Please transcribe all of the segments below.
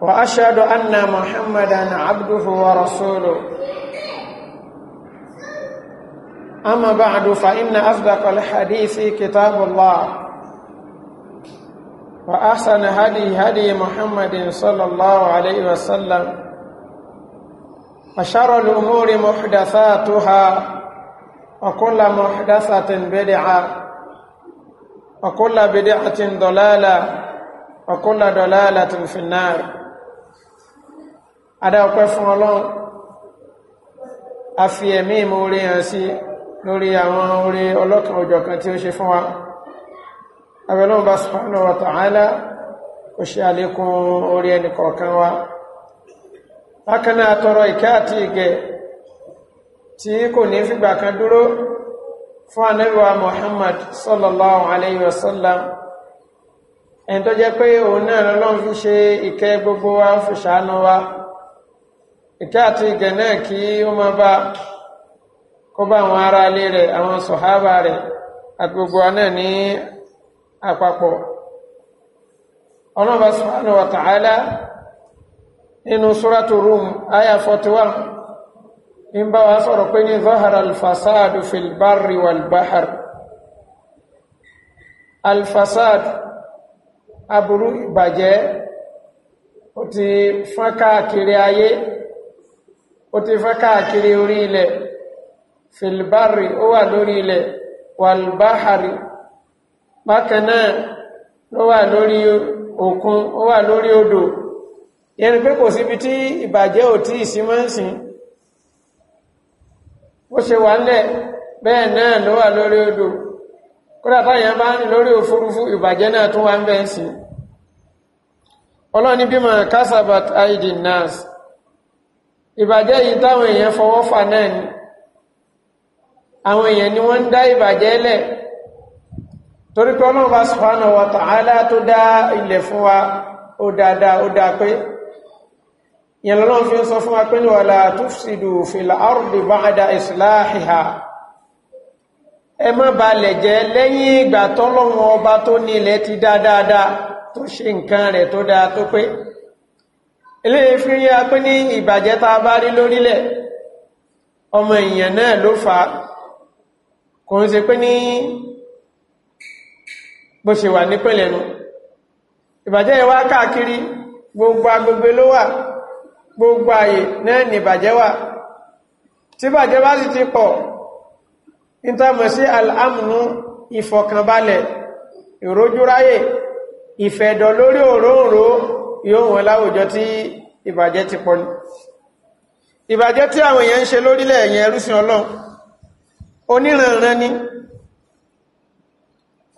وأشهد أن محمدا عبده ورسوله أما بعد فإن أصدق الحديث كتاب الله وأحسن هدي هدي محمد صلى الله عليه وسلم وشر الأمور محدثاتها وكل محدثة بدعة وكل بدعة ضلالة وكل ضلالة في النار adá ọpẹ́ fún ọlọ́run a fi ẹ̀mí ìmoore hàn sí lórí àwọn oore ọlọ́kan òjọ̀kan tí ó ṣe fún wa abẹ́lọ́run bá subhanahu wa ta'ala kò ṣe àlékún orí ẹnì kọ̀ọ̀kan wa bákan náà tọrọ ìkẹ́ àti ìgẹ̀ tí kò ní fìgbà kan dúró fún anábíwá Muhammad sallallahu alayhi wa sallam ẹni tó jẹ́ pé òun náà lọ́lọ́run fi ṣe ìkẹ́ gbogbo wa fi ṣàánú wa ìkẹ́ àti ìgẹ̀ náà kí ó máa bá kó bá àwọn ará ilé rẹ̀ àwọn sọ̀hábà rẹ̀ àti gbogbo náà ní àpapọ̀ ọlọ́ba subhanahu wa ta'ala nínú suratu rum aya 41 ń bá wa sọ̀rọ̀ pé ní zahara alfasadu fil barri alfasad aburú ìbàjẹ́ ó ti fọ́n káàkiri ayé ó ti fẹ́ káàkiri orí ilẹ̀ filbari ó wà lórí ilẹ̀ walbahari bákan náà ló wà lórí òkun ó wà lórí odò yẹn pé kò síbi tí ìbàjẹ́ ò tí ìsímọ́sìn ó ṣe wà ńlẹ̀ bẹ́ẹ̀ náà ló wà lórí odò kódà táyàn bá ń lórí òfurufú ìbàjẹ́ náà tún wá ń bẹ́ẹ̀ sí ọlọ́ni bímọ kásábàt aidin nas ìbàjẹ́ yìí táwọn èèyàn fọwọ́ fà náà ni àwọn èèyàn ni wọ́n ń dá ìbàjẹ́ lẹ̀ torí pé ọlọ́run bá subhanahu wa ta'ala tó dá ilẹ̀ fún wa ó dáadáa ó dáa pé ìyẹn fi ń sọ fún wa pé wala tufsidu fil ardi ba'da islahiha ẹ má balẹ̀ jẹ́ lẹ́yìn ìgbà tọ́lọ́run ọba tó nílẹ̀ ti dá dáadáa tó ṣe nǹkan rẹ̀ tó dáa tó pé eléyìí fi rí apé ní ìbàjẹ́ tá a bá rí lórílẹ̀ ọmọ èèyàn náà ló fà á kò ń ṣe pé ní bó ṣe wà nípìnlẹ̀ nu ìbàjẹ́ yẹn wá káàkiri gbogbo agbègbè ló wà gbogbo ààyè náà ní ìbàjẹ́ wà tí ìbàjẹ́ bá sì ti pọ̀ nítàmọ̀ sí al'amnu ìfọ̀kànbalẹ̀ ìrójúráyè ìfẹ̀dọ̀ lórí òróǹro yóò wọn láwùjọ tí ìbàjẹ́ ti pọ̀ ìbàjẹ́ tí àwọn èèyàn ń ṣe lórílẹ̀ ẹ̀yẹn ẹrúsìn ọlọ́run oníranran ni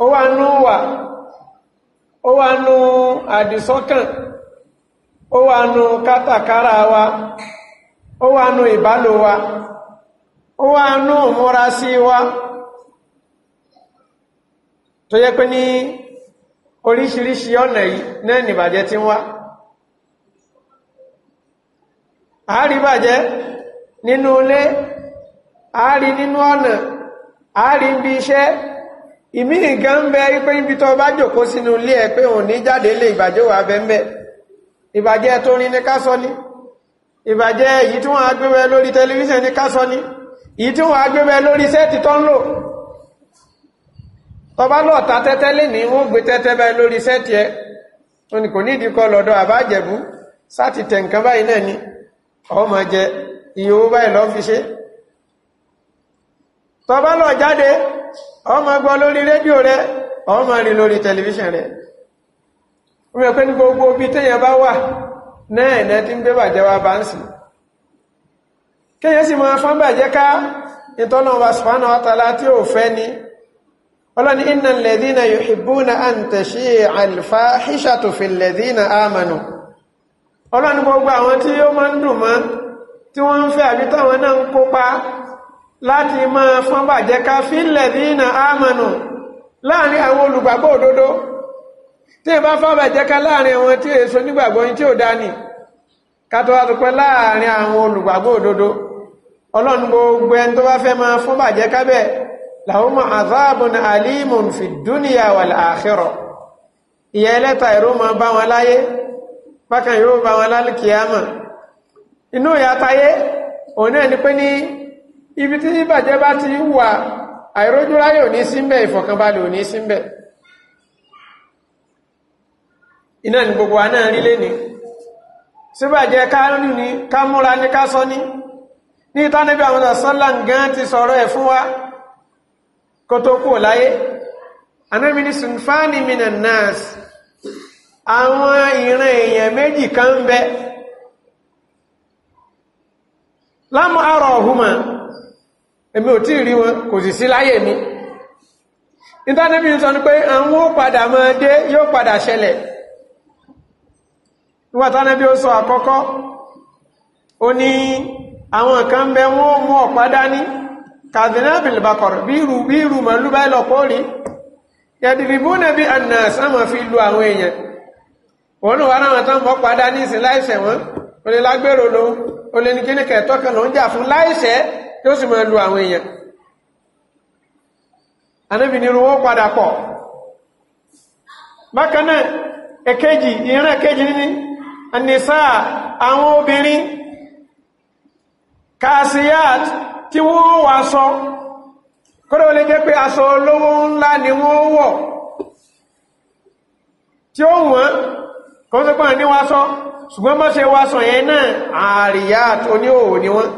ó wà nú wà ó wà nú àdìsọ́kàn ó wà nú kátàkárà wa ó wà nú ìbálò wa ó wà nú ìmúra sí wa tó yẹ pé ní oríṣiríṣi ọ̀nà yìí náà nìbàjẹ́ tí ń wá àárí bàjẹ́ nínú ilé àárí nínú ọ̀nà àárí ibi iṣẹ́ ìmí nǹkan ń bẹ pé ibi tó bá jòkó sínú ilé ẹ pé òun ní jáde lé ìbàjẹ́ wà bẹ́ẹ̀ ìbàjẹ́ tó rin ní kásọ ní ìbàjẹ́ èyí tí wọ́n á gbé bẹ lórí tẹlifíṣàn ní kásọ ní èyí tí wọ́n á gbé bẹ lórí sẹ́ẹ̀tì tó ń lò tọba lọ ta tẹ́tẹ́ lé wọ́n gbé tẹ́tẹ́ báyìí lórí sẹ́ẹ̀tì ẹ o ní kò ní ìdíkọ lọ́dọ̀ àbájẹ̀bú sáti tẹ̀ nǹkan báyìí náà ni ọ máa jẹ iye owó báyìí lọ́ fi ṣe tọba lọ jáde ọ máa gbọ́ lórí rédíò rẹ ọ máa rí lórí tẹlifíṣàn rẹ ó mẹ́ pé ní gbogbo ibi téèyàn bá wà náà ẹ̀nà tí ń gbé bàjẹ́ wa bá ń sì kéèyàn sì máa fọ́n bàjẹ́ ká ìtọ́nà wa subhanahu wa tí ò fẹ́ ni ọlọ́ni iná lẹ́dínà yòhìbúnà à ń tẹ̀ṣí àlìfà híṣàtò fi lẹ́dínà àmànù ọlọ́ni gbogbo àwọn tí ó máa ń dùn mọ́ tí wọ́n ń fẹ́ àbí táwọn náà ń kópa láti máa fọ́n bàjẹ́ ká fi lẹ́dínà àmànù láàrin àwọn olùgbàgbọ́ òdodo tí ẹ bá fọ́n bàjẹ́ ká láàrin àwọn tí èso lahum azabun alimun fi dúníyà wal akhirah ìyà ẹlẹ́ta ìró ma bá wọn láyé bákan yóò bá wọn lálùkìyàmà inú ìyátayé òun náà ni pé ní ibi tí ìbàjẹ́ bá ti wà àìrójúráyè ò ní símbẹ̀ ìfọ̀kànbalẹ̀ ò ní símbẹ̀ iná ni gbogbo wa náà rílé ni síbàjẹ́ ká lù ká múra ní ká sọ ní ní ìtànẹ́bí àwọn sọ́lá ń ti sọ̀rọ̀ ẹ̀ fún wa kó tó kúrò láyé anábi ní sunfani minan nas àwọn ìran èèyàn méjì kan ń bẹ lámù àrọ̀ ọ̀húnmà èmi ò tí rí wọn kò sì sí láyé mi ìtànẹ́bí sọ ní pé àwọn ó padà mọ́ dé yóò padà ṣẹlẹ̀ nígbàtánẹ́bí ó sọ àkọ́kọ́ ó ní àwọn kan bẹ wọ́n mú ọ̀pá dání kàdínábìlì bakọ̀rọ̀ bí irú bí irú màálù báyìí lọ́pọ̀ rí yẹ̀dìrìbú nàbí àná sámọ̀ fi lu àwọn èèyàn òun náà wà láwọn tó ń bọ́ padà ní ìsìn láìsẹ̀ wọn ó lè lágbèrò ló ó lè ní kíní kẹ̀tọ́ kan ló ń jà fún láìsẹ̀ tí ó sì máa lu àwọn èèyàn anábì ní irú wọn padà pọ̀ bákan náà èkejì ìran èkejì níní àníṣà àwọn obìnrin kàṣíyàtì tí wọ́n wà sọ kódà ó lè jẹ́ pé aṣọ olówó ńlá ni wọ́n wọ̀ tí ó wọ́n kọ́sọ́pọ̀ ní wá sọ ṣùgbọ́n má ṣe wá sọ yẹn náà àríyá oníhòòhò ni wọ́n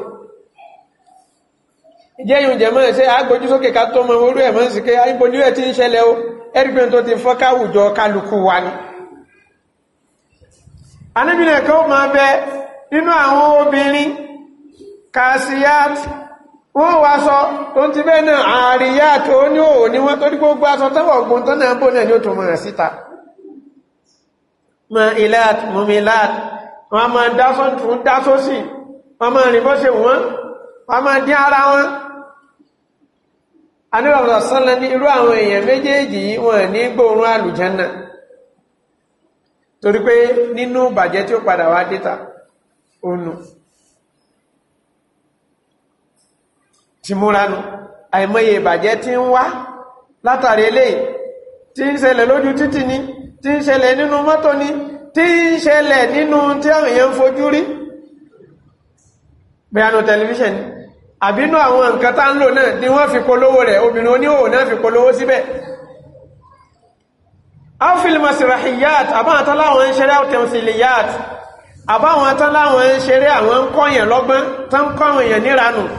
ìjẹ́ yìí jẹ́ mọ́rin ṣe àgbójú sókè ká tó mọ orú ẹ̀ mọ́ sí ké ibo nílẹ̀ tí ń ṣẹlẹ̀ o ẹ̀rígbẹ́ tó ti fọ́ káwùjọ kálukú wa ni anábìnrin kan máa bẹ nínú àwọn obìnrin kasiat wọ́n wá sọ tó ń ti bẹ́ẹ̀ náà àríyá tó ní òò ní wọ́n tó gbogbo aṣọ tọ́wọ̀ ọgbọ̀n tó náà bó náà ní ó tó mọ̀ síta ilat ma wọ́n máa dásọ́ tún dásọ́ sí wọ́n máa rìn bọ́ ṣe ara wọn sọ́lẹ̀ ní irú àwọn èèyàn méjèèjì yìí wọ́n ní àlùjánà torí pé nínú bàjẹ́ tí ó padà ti múranú àìmọye ìbàjẹ́ tí ń wá látàrí eléyìí tí ń ṣẹlẹ̀ lójú títì ni tí ń ṣẹlẹ̀ nínú mọ́tò ni tí ń ṣẹlẹ̀ nínú tí àwọn èèyàn ń fojú rí bẹ́yànú tẹlifíṣàn ni àbínú àwọn nǹkan tá ń lò náà ni wọ́n fi polówó rẹ̀ obìnrin oníhòòhò náà fi polówó síbẹ̀ áfíìlì masirahiyat àbáwọn atáláwọn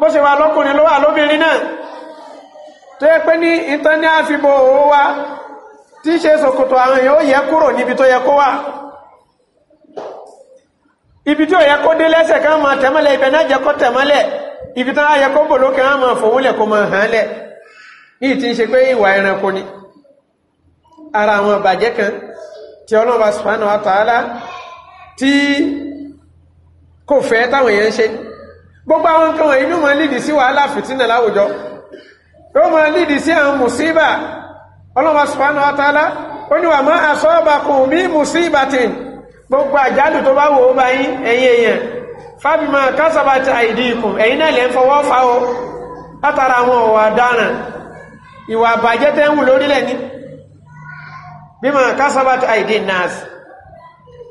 bó ṣe wà lọ́kùnrin ló wà lóbìnrin náà tó yẹ pé ní ìtàn ní àfibò òwò wa tí í ṣe ṣòkòtò àwọn èèyàn ó yẹ kúrò níbi tó yẹ kó wà ibi tí ó yẹ kó dé lẹ́sẹ̀ ká máa tẹ̀mọ́lẹ̀ ibẹ̀ náà jẹ́ kó tẹ̀mọ́lẹ̀ ibi tó yẹ kó bò lókè á máa fòwúnlẹ̀ kó máa hàn lẹ̀ ní ìtí ń ṣe pé ìwà ẹranko ni ara àwọn ìbàjẹ́ kan tí Ọlọ́run subhanahu wa ta'ala tí kò fẹ́ táwọn èèyàn ń ṣe ni gbogbo àwọn nǹkan wọ̀nyí ló máa lídìí sí wàhálà fìtínà láwùjọ ló máa lídìí sí àwọn mùsíbà ọlọ́wọ́ subhanahu wa ta'ala ó ní wà má asọ́ọ̀bàkùn mí mùsíbàtìn gbogbo àjálù tó bá wò ó bá yín ẹ̀yin èèyàn fábímọ kásábàtì àìdí ikùn ẹ̀yin náà lè ń fọwọ́ fa o látara àwọn ọ̀wà ọ̀daràn ìwà àbàjẹ́ tẹ́ ń wù lórílẹ̀ ní bímọ kásábàtì àìdí nas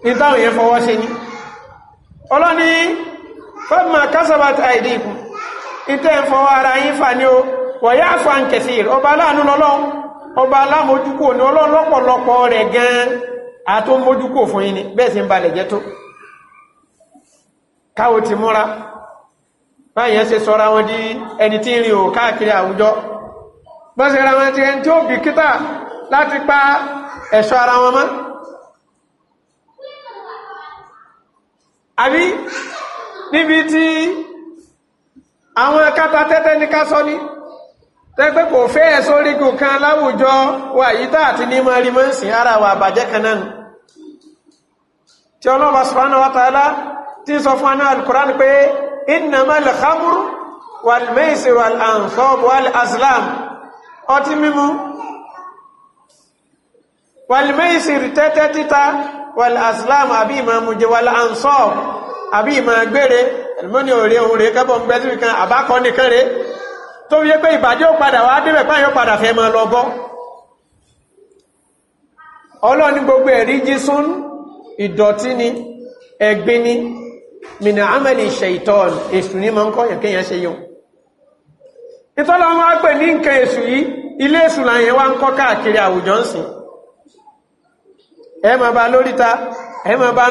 ní táwọn yẹn fọwọ́ ṣe ní ọlọ́ni fọ́nmà kásábàt àìdíkù ite ń ara yín fà o wọ̀yá àfà ń kẹsì ọba aláàánú lọ́lọ́run ọba alámojúkò ni ọlọ́run lọ́pọ̀lọpọ̀ rẹ̀ gan fún yín ni bẹ́ẹ̀ sì ti múra báyẹn ṣe sọra wọn di ẹni wọn ti níbi tí àwọn kátà tẹ́tẹ́ ní ká sọ ní tẹ́gbẹ́ kò fẹ́ ẹ̀sọ́ orígun kan láwùjọ wà yíta àti ní mọ́ rí mọ́sí ara wà bàjẹ́ kan tí ọlọ́wà subhanahu wa ta'ala tí sọ fún aná al-Qur'an pé innamal khamru wal maisir wal ansab wal azlam ọtí mímú wal maisir tẹ́tẹ́ títa àbí ìmọ̀ gbére ẹ̀lùmọ́ni òrè ohun rẹ̀ kẹ́bọ̀ ń gbẹ́sí kan àbákọ́ nìkan rẹ̀ tó fi yé pé ìbàjẹ́ ó padà wá débẹ̀ páyọ̀ padà fẹ́ máa lọ ọlọ́ni gbogbo ẹ̀rí jísún ìdọ̀tí ni ẹ̀gbin ni mìnà amẹ́lì ṣèitọ́n èṣù ní ma ń kọ́ yẹ̀kẹ́yàn ṣe yọ ìtọ́lọ wọn wá pè ní nǹkan èṣù yìí ilé èṣù làyẹn wá ń kọ́ káàkiri àwùjọ ń sìn máa ba lóríta máa ba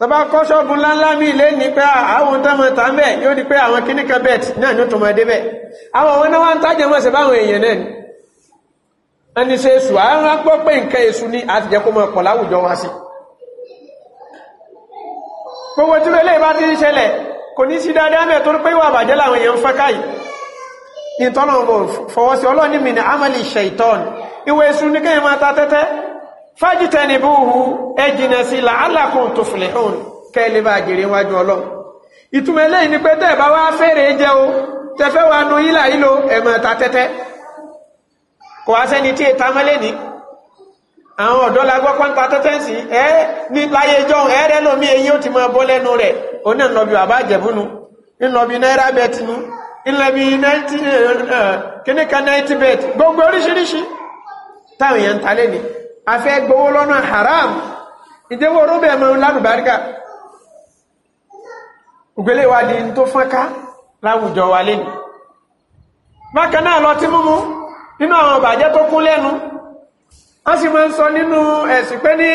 tọba kọ́ ṣọ́ọ̀bù ńláńlá mi lé ní pé àwọn tọ́mọ ta ń bẹ̀ yóò di pé àwọn kíníkà bet náà ní tọmọ dé bẹ̀ àwọn wọn náà wá ń tájẹ mọ́ sí báwọn èèyàn náà ni ẹni ṣe èṣù àwọn apọ́ pé nǹkan èṣù ni a ti jẹ́ kó mọ́ ọ̀pọ̀ láwùjọ wá sí gbogbo tí wọlé bá ti ń ṣẹlẹ̀ kò ní sí dáadáa mẹ́ tó pé ìwà àbàjẹ́ làwọn èèyàn ń fẹ́ káyìí ìtọ́nà fọwọ́sí ọlọ́ọ̀ni mi ni fájítẹ̀nìbúhu ẹjìnà sí làálàkùn tó fìlẹ̀ hàn kẹ́lẹ́ bá jèrè wájú ọlọ́run ìtumọ̀ eléyìí ni pé tẹ́ ẹ̀ bá wá fèrè jẹ́ o tẹ́fẹ́ wa nu yílà yílo ẹ̀mọ̀ ta tẹ́tẹ́ kò wá sẹ́ni tí èta mọ́lé ní àwọn ọ̀dọ́ la gbọ́ pọ́ńpa tẹ́tẹ́ sí ẹ́ ní láyé jọ ẹ̀rẹ́ lómi eyín ó ti máa bọ́ lẹ́nu rẹ̀ ó ní ìnọbi bàbá àjẹ̀búnu ìnọbi náírà bẹ́ẹ̀tì nu ìnọbi eh, eh, kíníkà náírà bẹ́ẹ̀tì gbogbo oríṣiríṣi táwọn èèyàn ń ta lé a gbowó lọ́nà haram ìdẹ́wọ́ rọ́bẹ̀ mọ́ lálùbáríkà ògbélé wa di tó fọ́nká láwùjọ wa lẹ́nu bákan lọ tí múmú nínú àwọn tó kún lẹnu. sì máa ń sọ nínú ẹ̀sìn pé ní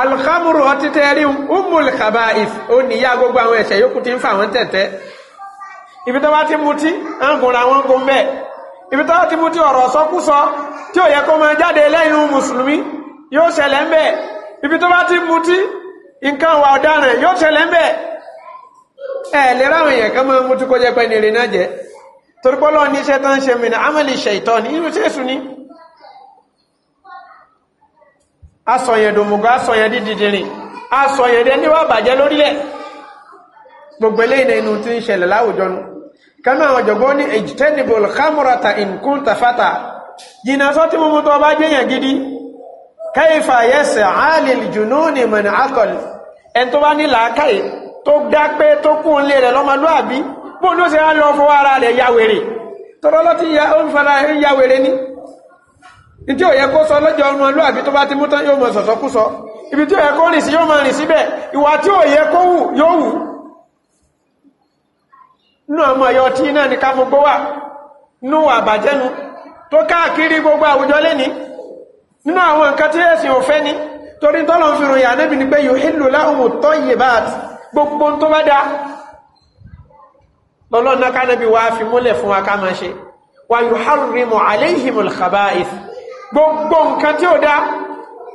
alhamuru ọtí tẹ́rí umul khaba'ith ó níyà gbogbo àwọn yòókù ibi tó bá ti mutí ń ibi tó bá ti tí ò yẹ kó máa jáde lẹ́yìn mùsùlùmí yóò ṣẹlẹ̀ ń bẹ̀ ibi tó bá ti mutí nǹkan wà ọ̀daràn yóò ṣẹlẹ̀ ń bẹ̀ ẹ̀ lè ráwọn èèyàn kan máa mutí kó jẹ́ pẹ́ ní eré náà jẹ́ torí pọ́lọ́ ní iṣẹ́ tó ń ṣe mìíràn amẹ́lì ṣètọ́ ní irú tí èṣù ní asọ̀yẹn dòmùgọ́ asọ̀yẹn dídìdìrìn asọ̀yẹn dẹ níwà bàjẹ́ lórílẹ̀ gbogbo eléyìí inú tí ń ṣẹlẹ̀ láwùjọ nu kanú àwọn ọ̀jọ̀gbọ́n ní èjìtẹ́nìbò kámúrata in fata jina zote mumutu wabajenya gidi kaifa yese ali ljununi min akol ento bani la kai to dakpe to kun le le loma duabi bo no se alo fo ara le yawere toro lati ya o fara he yawere ni nti o ye ko so lojo nu alo abi to ba ti mutan yo mo so so kuso ibi ti o ye ko ni si yo mo ni sibe iwa ti o ye ko wu yo wu nu amo yo ti na ni ka mo go wa nu abajenu tó káàkiri gbogbo àwùjọ lẹ́ni nínú àwọn nǹkan tí ẹ̀sìn ò ni torí tọ́lọ̀ fi ròyìn ànábì ni pé yuhillu lahumu tayyibat gbogbo tó bá dá lọ́lọ́nà kánàbí wá fi múlẹ̀ fún wa ká máa ṣe wa yuharrimu alayhimul khaba'ith gbogbo nǹkan tí ó dá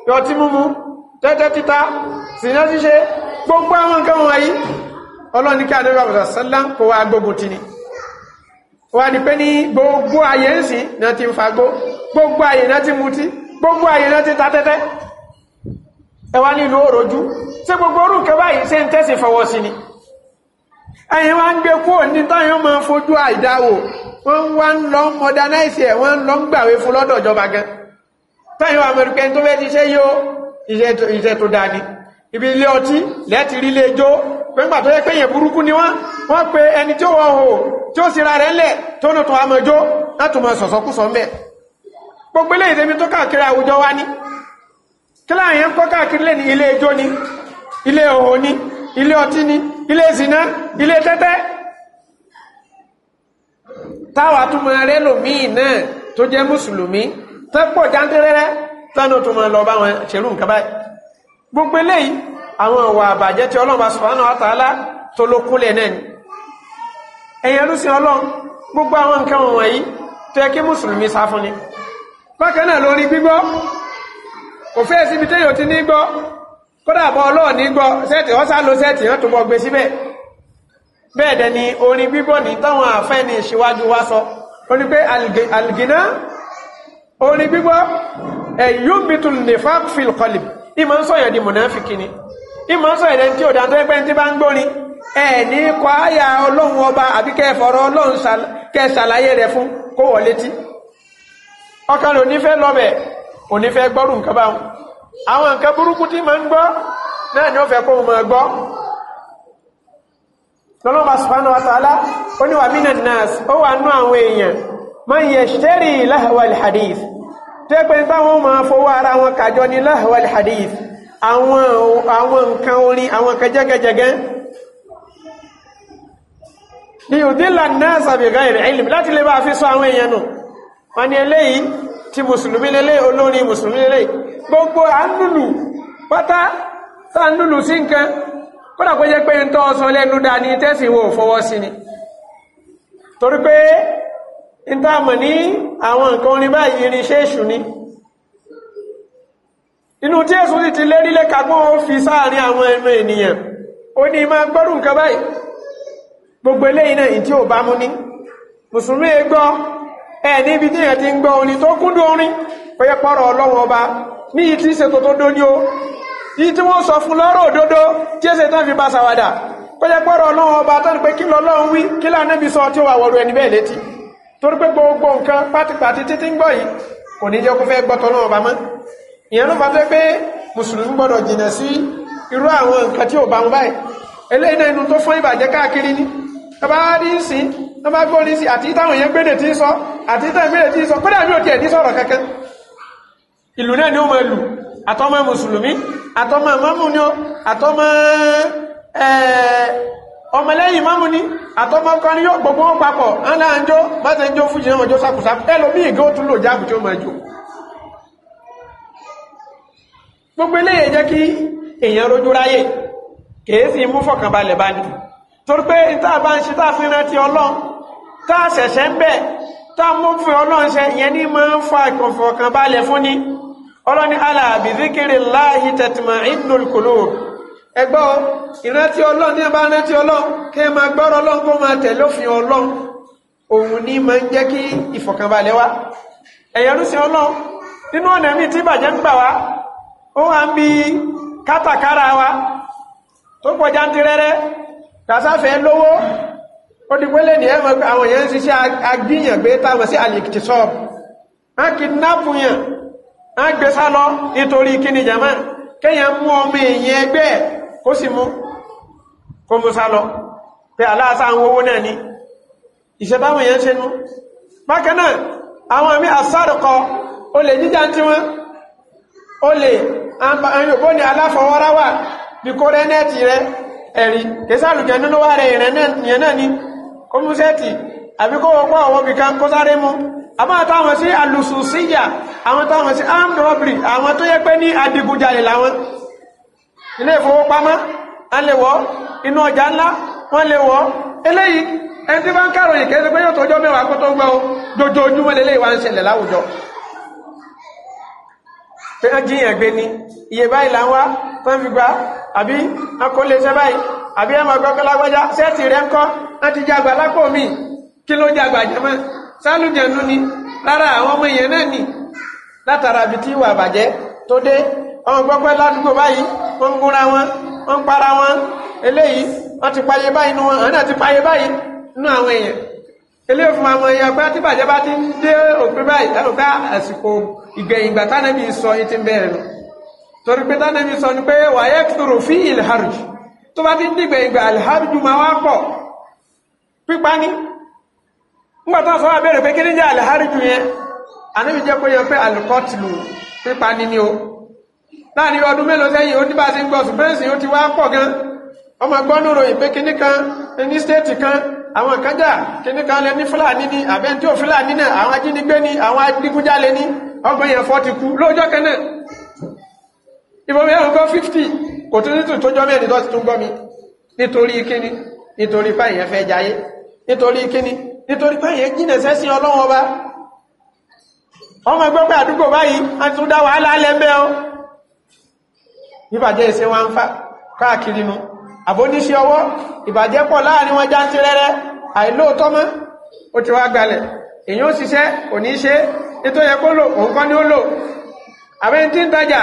yọtí múmú tẹ́tẹ́ títa sínà ṣíṣe gbogbo àwọn nǹkan wọ̀nyí ọlọ́ni kí ànábì àbùsà sálá wọ́n ni pé ní gbogbo ayé ń sìn náà ti ń fagbó gbogbo ayé náà ti mutí gbogbo ayé náà ti ta tẹ́tẹ́ ẹwà nílùú òròjú tí gbogbo orúkẹ báyìí ṣe ń tẹ́sì fọwọ́ sí ni ẹ̀yìn wá ń gbé kúrò ní táyọ̀ máa fojú àìdáwò wọ́n wá ń lọ modernize ẹ̀ wọ́n ń lọ gbàwé fún lọ́dọ̀ ìjọba gan táyọ̀ amẹ́ríkẹ́ tó fẹ́ ti ṣe yóò iṣẹ́ tó dáa ni ibi ilé ọtí lẹ́ẹ̀tì rí ilé ijó pé tó yẹ pé burúkú ni wọ́n wọ́n pe ẹni tí ó wọ́n hò tí ó sira rẹ̀ lẹ̀ tó ní tún amọjó láti mọ sọ̀sọ̀kúsọ mẹ́ gbogbo ilé ìdẹ́mi tó káàkiri àwùjọ wa ní kí láàyàn kọ́ káàkiri lè ilé ijó ni ilé òhò ni ilé ọtí ni ilé zina ilé tẹ́tẹ́ táwà tó mọ rẹ lòmíì náà tó jẹ́ mùsùlùmí tó pọ̀ jáńtẹ́rẹ́rẹ́ tánà tó mọ lọ bá wọn ṣerú nǹkan báyìí gbogbo eléyìí àwọn ìwà àbàjẹ́ tí Ọlọ́run subhanahu wa ta'ala tó lókúnlẹ̀ náà ni ẹ̀yẹ ló sin ọlọ́run gbogbo àwọn nǹkan wọ̀nyí tó yẹ kí mùsùlùmí sá fún ni bákan náà lórí gbígbọ́ kò fẹ́ síbi téèyàn ti ní gbọ́ kódà bọ́ ọlọ́ọ̀ ní gbọ́ sẹ́ẹ̀tì wọ́n sá lo sẹ́ẹ̀tì wọ́n tó bọ́ gbé síbẹ̀ bẹ́ẹ̀ dẹ̀ ni orin gbígbọ́ ní táwọn àfẹ́ ní ìṣíwájú wa sọ ó ní pé àlìgínà orin gbígbọ́ ẹ̀yúbìtùl nìfàkfìl kọlì ìmọ̀ ń sọ̀yàn di mùnáfìkì ni ìmọ̀ ń sọ̀yàn ẹni tí ò dáńtọ́ ẹgbẹ́ ní ti bá ń gbórin ẹ ní kọ àyà ọlọ́run ọba àbí kẹfọ̀rọ̀ ọlọ́run kẹsàlàyé rẹ̀ fún kó wọ̀ létí ọkàn rẹ̀ onífẹ́ lọ́bẹ̀ onífẹ́ gbọ́rù nǹkan báwọn àwọn nǹkan burúkú tí máa ń gbọ́ náà ni ó fẹ́ kó máa gbọ́ lọ́lọ́ba wa ó ní wà ó wà nú àwọn èèyàn man yashtari lahwal hadith tẹ́ pé báwọn máa fowó ara wọn kàjọ ní hadith àwọn nǹkan orin àwọn nǹkan liyudilla nasa bi ghayri ilm láti lè bá fi sọ àwọn èèyàn nù wọ́n ní eléyìí tí lele, lélẹ̀ olórí mùsùlùmí lélẹ̀ gbogbo ànúlù pátá sànúlù sí nǹkan kódà kó jẹ́ pé ń tọ́ ọsọ lẹ́nu dá ní tẹ́sí wo fọwọ́ sí ni torí pé ń tá mọ̀ ní àwọn nǹkan orin báyìí irinṣẹ́ èṣù ni inú tí èṣù sì ti lérí lẹ́ka gbọ́n fi sáàrin àwọn ẹnu ènìyàn ó ní máa gbọ́rù nǹkan báyìí gbogbo eléyìí náà tí ò bá mú ní mùsùlùmí gbọ́ ẹ níbi tí èèyàn ti ń gbọ́ orin tó kúndùn orin bóyá pọ́rọ̀ ọlọ́run ọba ní yìí tí ṣètò tó dóní o yìí tí wọ́n sọ fún lọ́rọ̀ òdodo tí èsè tán fi bá ṣàwàdà bóyá pọ́rọ̀ ọlọ́run ọba tán pé kí lọ́lọ́run wí kí lánàbí sọ tí ó wà wọ̀rọ̀ ẹni bẹ́ẹ̀ létí torí pé gbogbo nǹkan pátipàti títí ń gbọ́ yìí kò ní jẹ́ kó fẹ́ gbọ́tọ̀ ọlọ́run ọba mọ́ ìyẹn ló fà fẹ́ pé mùsùlùmí gbọ́dọ̀ jìnà sí irú àwọn nǹkan tí ò bá ń báyìí eléyìí náà inú tó fọ́n ìbàjẹ́ káàkiri ni tọba rí sí tọba gbórí sí àti táwọn èèyàn gbédè tí ń sọ àti táwọn gbédè tí ń sọ kódà bí ò tiẹ̀ ní sọ̀rọ̀ kankan ìlú náà ni ó máa lù àtọmọ mùsùlùmí àtọmọ mọ́mù ni ó àtọmọ ọmọlẹ́yìn mọ́mù ni àtọmọ kan yóò gbogbo wọn papọ̀ ńlá ń jó mọ́tẹ́ ń jó fújì náà jó sàkùsàkù ẹ lómi ìgé ó tún lò jáàbù tí ó máa jó gbogbo eléyè jẹ́ kí èèyàn rojú ráyè kèé torí pé tá a bá ń ṣe tá a fi rántí ọlọ́run tá a ṣẹ̀ṣẹ̀ ń bẹ̀ tá a mú fún ọlọ́run ṣe ìyẹn ní máa ń fa ìkọ̀fọ̀kànbalẹ̀ fún ni ọlọ́ni ala bi zikrillahi tatma'innul qulub ẹgbọ́ ìrántí ọlọ́run ní ẹbá rántí ọlọ́run kí ẹ máa gbọ́rọ̀ ọlọ́run kó máa tẹ̀lé òfin ọlọ́run òun ní máa ń jẹ́ kí ìfọ̀kànbalẹ̀ wá ẹ̀yẹrúsìn ọlọ́run nínú ọ̀nà míì tí bàjẹ́ ń gbà wá ó wà ń bi kátàkárà wa tó pọ̀ jántí rẹ́rẹ́ tasafe lowo o di pele ni e mo pe awon yen sise agbiyan pe ta mo si aliktisab a kidnap yen a gbe sa lo itori kini jama ke yen mu omo gbe egbe ko si mu ko mo sa pe ala sa n na ni ise ba yen se nu bakana awon mi asarqo o le jija nti won o le an ni alafowarawa ni ko renet yi ẹ̀rí kẹsàlùjẹ nínú wà rẹ̀ ìrìn náà ni kó mú sẹ́ẹ̀tì àbí kó wọ́pọ̀ àwọn obìkan kó sáré mú àmọ́ àtàwọn sí alùsùsíyà àwọn táwọn sí armed robbery àwọn tó yẹ pé ní adigunjalè làwọn ilé ìfowópamọ́ a lè wọ́ inú ọjà ńlá wọ́n lè wọ́ eléyìí ẹni tí bá ń kàròyìn kẹsẹ̀ pé yóò tó ọjọ́ mẹ́wàá kó tó gbọ́ ojoojúmọ́ lélẹ́yìí wá ń ṣẹlẹ̀ láwùjọ pé wọ́n jíyàn gbé ní iye báyìí là ń wá tán fi gba àbí akọ́léṣẹ́ báyìí àbí ẹmọ gbọ́kọ́ lágbájá sẹ́ẹ̀tì rẹ̀ ń kọ́ wọ́n ti jàgbà lápò mi kí ló jàgbà jẹmọ́ sálùjẹ̀nu ni lára àwọn ọmọ èèyàn náà nì látara ibi tí ìwà àbàjẹ́ tó dé ọmọ gbọ́kọ́ ládùúgbò báyìí wọ́n ń gúnra wọn wọ́n ń para wọn eléyìí wọ́n ti payé báyìí nu wọn àwọn náà ti payé báyìí nú àwọn èèyàn eléyìí fún àwọn èèyàn pé àtibàjẹ́ bá ti ń dé òpin báyìí àsìkò ìgbẹ̀yìn ìgbà tánàbí sọ yìí ti bẹ̀rẹ̀ lọ torí pé sọ ni pé wàyẹ tòrò fi ìlhàrùjù tó bá ti ń dìgbẹ̀yìn ìgbà máa wá pọ̀ pípa wà bẹ̀rẹ̀ pé kí jẹ́ yẹn àníbi jẹ́ pé pé pípa ni o láàrin ọdún mélòó sẹ́yìn ó bá ti ń gbọ́ ó ti wá pọ̀ gan ọmọ àwọn kájà kíníkanlẹ̀ ní fúlàní ní àbẹ́ tí ò fúlàní náà àwọn ajínigbé ní àwọn adigunjalè ní ọgbọ̀n yẹn fọ́ ti kú lóòjọ́ kan náà ìbọn yẹn 50 kò tún nítorí tó jọ mẹ́rin tó ti tún gbọ́ mi nítorí kíní nítorí fáyẹn fẹ́ jayé nítorí kíní nítorí fáyẹn jìnà ọmọ ẹgbẹ́ pé àdúgbò báyìí a tún dá wàhálà lẹ́mẹ́ ọ ìbàjẹ́ ìṣe wa ń fa káàkiri nu àbóníṣẹ́ ọwọ́ ìbàjẹ́ pọ̀ láàrin wọn jáǹtí rẹ́rẹ́ àìlóòtọ́ mọ́ ó ti wá gbalẹ̀ èyàn ó ṣiṣẹ́ kò ní ṣe ètò yẹ kó lò òun kan ni ó lò àwẹ́ni tí ń tajà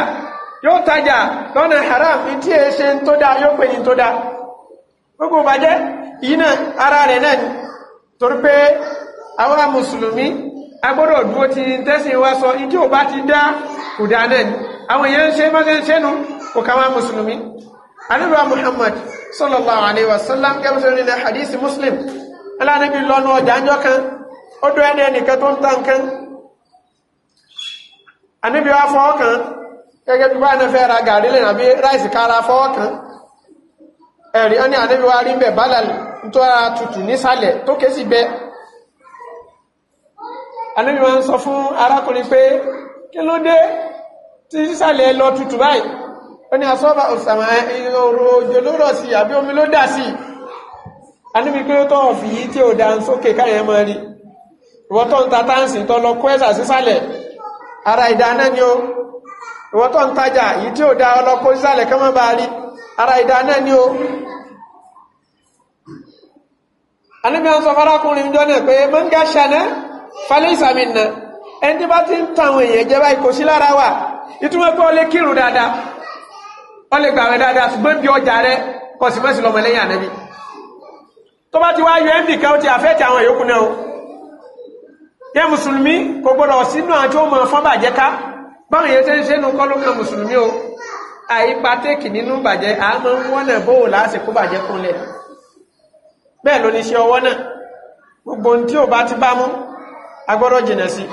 yóò tajà lọ́nà haram ní tí èé ṣe ń tó dáa yóò pè ní tó dáa gbogbo ìbàjẹ́ yìí náà ara rẹ̀ náà ni torí pé àwa mùsùlùmí a gbọ́dọ̀ dúró ti tẹ́sìn wa sọ ìdí ò bá ti dá kò náà ni àwọn èèyàn ń ṣe mọ́ṣẹ́ ń ṣẹ́nu kò káwọn mùsùlùmí anábìwá muhammad sallallahu alayhi wa sallam kẹ́ bísí onílẹ̀ hadith muslim aláàbí lọ́nà ọjà ńjọ́ kan ó dọ́ ẹni ẹnìkan tó ń tàn kan anábìwá fọwọ́ kan gẹ́gẹ́ bí báyìí náà fẹ́ ra gàrí lẹ́nà àbí ráìsì kára fọwọ́ kan ẹ̀rí ọ́ ní anábìwá rí bẹ̀ bálà tó ara tutù nísàlẹ̀ tó ké sí bẹ́ẹ̀ anábìwá ń sọ fún arákùnrin pé kí ó ní asọ́bà òsàmà ìrò òjò ló rọ̀ sí àbí omi ló dà sí aníbi pé ó tọ́wọ̀ fi yí tí ó dá ń sókè káyẹn mọ́ rí ìwọ́n tó ń ta táǹsì tó lọ kó ẹ̀sà sísàlẹ̀ ara ìdáná ni ó ìwọ́n tó ń tajà yí tí ó dá ọlọ́kó sísàlẹ̀ kọ́ mọ́ bá rí ara ìdáná ni ó ó lè gbàwẹ̀ dáadáa ṣùgbọ́n bí ọjà rẹ kò sì mọ́sí lọ́mọ lẹ́yìn ànábì tó bá ti wá yọ ẹ́mì kan ti àfẹ́ẹ̀tì àwọn yòókù náà yẹ mùsùlùmí kò gbọdọ̀ sínú àjọ ọmọ fọ́n bàjẹ́ ká báwọn yẹn ṣe ń ṣe nù kọ́ mùsùlùmí o àìpàtẹ́kì nínú bàjẹ́ àmọ́ ń wọ́nà bóò lásìkò bàjẹ́ kúnlẹ̀ bẹ́ẹ̀ ló ní ṣe ọwọ́ náà gbogbo tí ò bá ti bá mú agbọ́dọ̀ jìnà sí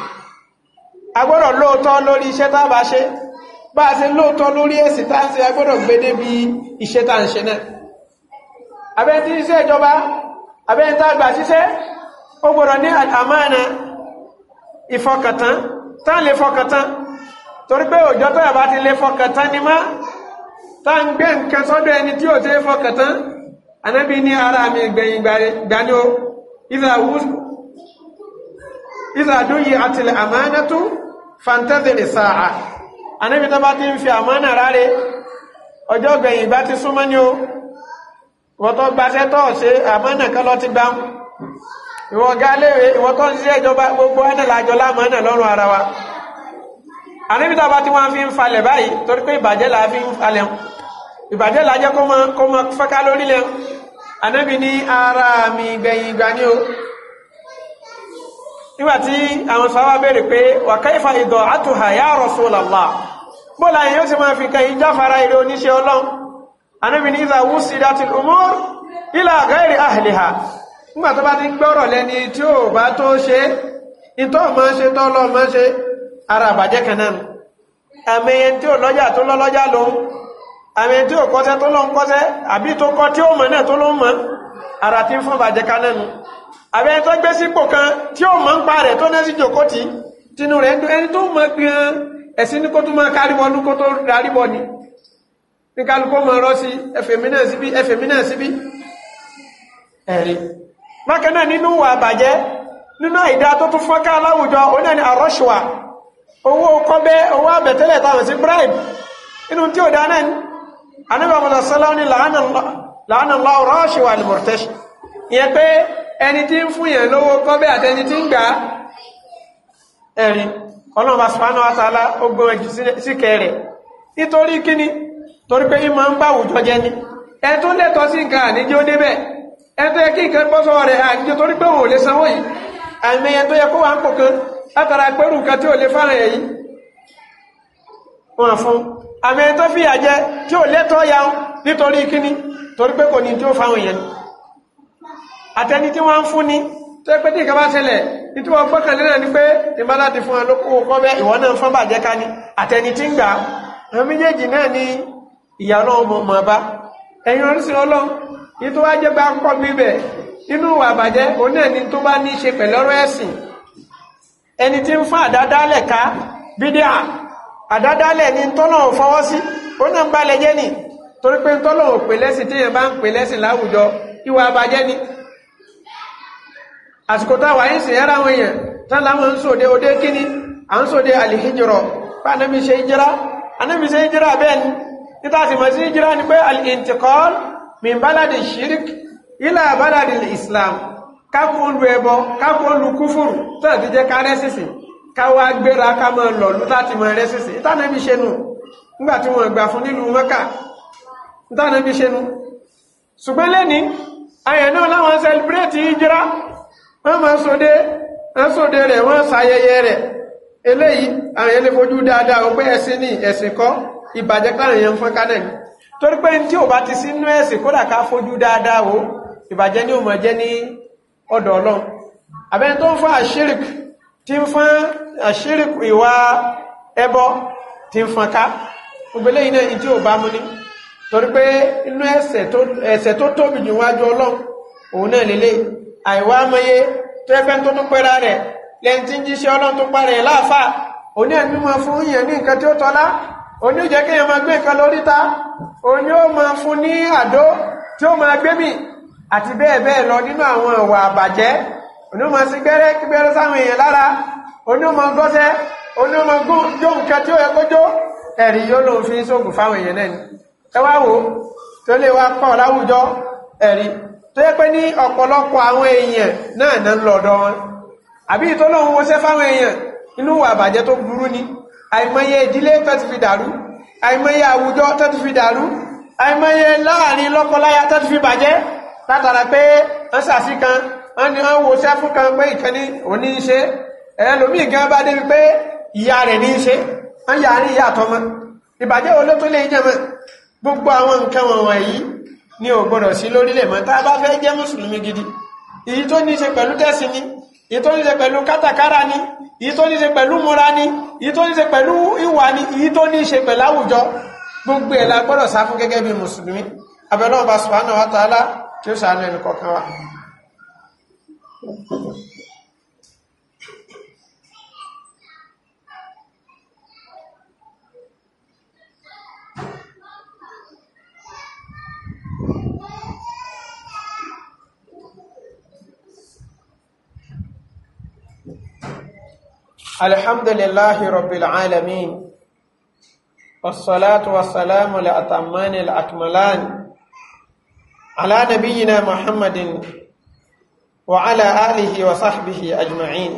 agbọ́dọ̀ lóòótọ́ lórí iṣẹ́ tá a bá ṣe bá a ṣe lóòótọ́ lórí ẹ̀sìn tá à ń ṣe agbọ́dọ̀ gbé débi iṣẹ́ tá à ń ṣe náà abẹ́ntí iṣẹ́ ìjọba abẹ́ntá àgbà ṣiṣẹ́ ó gbọ́dọ̀ ní àmánà ìfọkàntán tá à ń lè fọkàntán torí pé òjò tó yàbá ti lè fọkàntán ni má tá ń gbé nǹkan sọ́dọ̀ ẹni tí ò ṣe é fọkàntán ní ara mi gbẹ̀yìn ìzàdúyì àtìlẹ̀ àmánà tó fàǹtẹ́sì anábi tó bá ti ń fi àmánà ráre ọjọ́ gbẹ̀yìn bá ti súnmọ́ ní o wọ́n tó gbaṣẹ́ tó ṣe àmánà kan lọ ti gbá ìwọ̀n ga léèrè ìwọ̀n tó ń ṣiṣẹ́ ìjọba gbogbo ẹ̀nà làjọ lámánà lọ́rùn ara wa anábi tó bá ti wọ́n fi ń falẹ̀ báyìí torí pé ìbàjẹ́ la fi ń falẹ̀ ìbàjẹ́ la kó mọ fẹ́ká lórílẹ̀ anábi ní ara mi gbẹ̀yìn ìgbà ní o nígbàtí àwọn sáwà bèèrè pé wà káífà ìdọ̀ àtùhà yá Rasulullah bọ́lá yíó ti máa fi kan ìjáfara ilé oníṣẹ́ ọlọ́run anábi ní ìzàwú sí dátil umur ila ghairi ahliha nígbà tó bá ti gbọ́rọ̀ lẹ́ni tí ó bá tó ṣe ìtọ́ ma ṣe tọ́lọ ma ṣe ara àbàjẹ́ kan náà àmì ẹni tí ó lọ́jà tó lọ́lọ́jà lòun àmì ẹni tí ti ń fún àbàjẹ́ kan náà àbẹ́ tó gbé sípò kan tí ó mọ̀ ń pa rẹ̀ tó ná sí jòkótì tinú rẹ̀ ń dún ẹni tó mọ̀ gan ẹ̀sìn ní kó tó máa kárí wọnú kó tó darí bọ ni ní kálukó mọ̀ rọ́ sí ẹfẹ̀mí náà síbí ẹfẹ̀mí náà síbí ẹ̀rí bákan náà nínú wà bàjẹ́ nínú àìdá tó tún fọ́nká láwùjọ òun náà ni àrọ́ṣùwà owó kọ́bẹ́ owó àbẹ̀tẹ́lẹ̀ táwọn sí bribe inú tí ò dáná ni anábàmọ̀lá sọ́lá ní làánà lọ́rọ́ṣùwà ni mọ̀tẹ́ṣì ìyẹn pé ẹni tí ń fún yẹn lówó kọ́bẹ̀ àtẹni tí ń gbà ẹ̀rin ọlọ́run subhanahu wa ta'ala ó gbọ́n jù síkẹ̀ rẹ̀ nítorí kíni torí pé ìmọ̀ ń bá àwùjọ jẹ ni ẹ tó lẹ́tọ̀ọ́ sí nǹkan àníjẹ́ ó débẹ̀ ẹ tó yẹ kí nǹkan bọ́ sọ́wọ́ rẹ̀ àníjẹ́ torí pé òun ò lè sanwó yìí àmì ẹ tó yẹ kó wà ń pò kan látara pẹ̀lú nǹkan tí ò lè fara ẹ̀ yìí wọn fún àmì ẹ fìyà jẹ tí ò lẹ́tọ̀ọ́ ya nítorí kíni torí pé kò ní tí ó fáwọn yẹn ni àtẹni tí wọ́n ń fún ni tó pé tí ìkàbá ṣẹlẹ̀ nítorí wọn gbọ́kàn lélẹ̀ ni pé ìbá láti fún alókòwò kọ́ bẹ́ẹ̀ ìwọ náà fún bàjẹ́ ká ní àtẹni tí ń gbà àwọn méjèèjì náà ni ìyá ọlọ́run mọ̀ mọ̀ bá ẹ̀yin orísun ọlọ́run yìí tó wá jẹ́ bá kọ́ mi bẹ̀ nínú ìwà àbàjẹ́ òun náà ni tó bá ní í ṣe pẹ̀lú ọ̀rọ̀ ẹ̀sìn ẹni tí ń fún àdádálẹ̀ ká bídíà àdádálẹ̀ ni tọ́nà ò fọwọ́ sí ó náà ń balẹ̀ jẹ́ ni torí pé tọ́nà ò pè lẹ́sìn téèyàn bá ń pè lẹ́sìn láwùjọ ìwà àbàjẹ́ ni àsìkò táwà yìí sì yára àwọn èèyàn tán láwọn ń sòde òde kíní à ń sòde àlìhíjìrọ̀ pé ànábì ṣe híjìrá ànábì ṣe híjìrá bẹ́ẹ̀ ni níta sì mọ̀ sí híjìrá ni pé al-intiqal min baladi shirik ila baladi islam kákòólu ẹbọ kákòólu kúfùrù tán ti jẹ́ kárẹ́ sísìn káwá gbéra ká mọ lọ̀lú láti mọ rẹ́ sísìn ìtànàbí ṣe nù nígbà tí wọ́n gbà fún nílùú mẹ́kà ìtànàbí ṣe nù ṣùgbọ́n lẹ́ni àyẹ̀ náà láwọn sẹlẹ̀bírẹ́tì wọ́n máa sóde wọ́n sóde rẹ̀ wọ́n ṣayẹyẹ rẹ̀ eléyìí àwọn yẹn lè fojú dáadáa o pé ẹ̀sìn ní ẹ̀sìn kọ́ ìbàjẹ́ káwọn yẹn ń fọ́n kánẹ̀ torí pé tí ò bá ti sínú ẹ̀sìn kódà ká fojú dáadáa o ìbàjẹ́ ní òmò jẹ́ ní ọ̀dọ̀ ọlọ́run àbẹ́ni tó inú ẹ̀ṣẹ̀ tó tóbi jù wájú ọlọ́run òun náà lélẹ́yìí àìwá mọ́yé tó ẹgbẹ́ tó tún pẹ́ra rẹ̀ lẹ́yìn tí ń jíṣẹ́ ọlọ́run tó parẹ̀ ẹ̀ láàfà òní ẹ̀mí máa fún yẹn ní nǹkan tí ó tọ́lá òní jẹ́ kéèyàn máa gbé nǹkan lórí ta òní ó máa fún ní àdó tí ó máa gbé mì àti bẹ́ẹ̀ bẹ́ẹ̀ lọ nínú àwọn ìwà àbàjẹ́ òní ó máa sí gbẹ́rẹ́ kí gbẹ́rẹ́ sáwọn èèyàn lára òní ó máa gọ́sẹ́ òní ó máa gún jó nǹkan tí ó yẹ kó jó ẹ̀rí yóò lòun fi sóògùn fáwọn èèyàn náà ni ẹ wá wò tó lè wá pọ̀ láwùjọ ẹ̀rí tó yẹ pé ní ọ̀pọ̀lọpọ̀ àwọn èèyàn náà náà ń lọ́dọ̀ wọn àbí ìtọ́lọ́hun wọṣẹ́ fáwọn èèyàn inú wà bàjẹ́ tó burú ni àìmọye ìdílé tó ti fi dàrú àìmọye àwùjọ tó ti fi dàrú àìmọye láàrin lọ́kọláya tó ti fi bàjẹ́ látara pé wọ́n ṣàfi kan wọ́n ni wọ́n wọṣẹ́ fún kan pé ìkànnì òní ń ṣe ẹlòmíì gan bá débi pé ìyá rẹ̀ ní ṣe wọ́n yà á rí ìyá àtọmọ ìbàjẹ́ olótó lè jẹ́ mọ́ gbogbo àwọn nǹkan wọ̀nyí ní ò gbọ́dọ̀ sí lórílẹ̀ mọ́ tá a bá fẹ́ jẹ́ mùsùlùmí gidi èyí tó ní ṣe pẹ̀lú tẹ́sí ni èyí tó ní ṣe pẹ̀lú kátàkárà ni èyí tó ní ṣe pẹ̀lú múra ni èyí tó ní ṣe pẹ̀lú ìwà ni èyí tó ní ṣe pẹ̀lú àwùjọ gbogbo ẹ̀ la gbọ́dọ̀ sá fún gẹ́gẹ́ bí الحمد لله رب العالمين والصلاة والسلام الأتمان الأكملان على نبينا محمد وعلى آله وصحبه أجمعين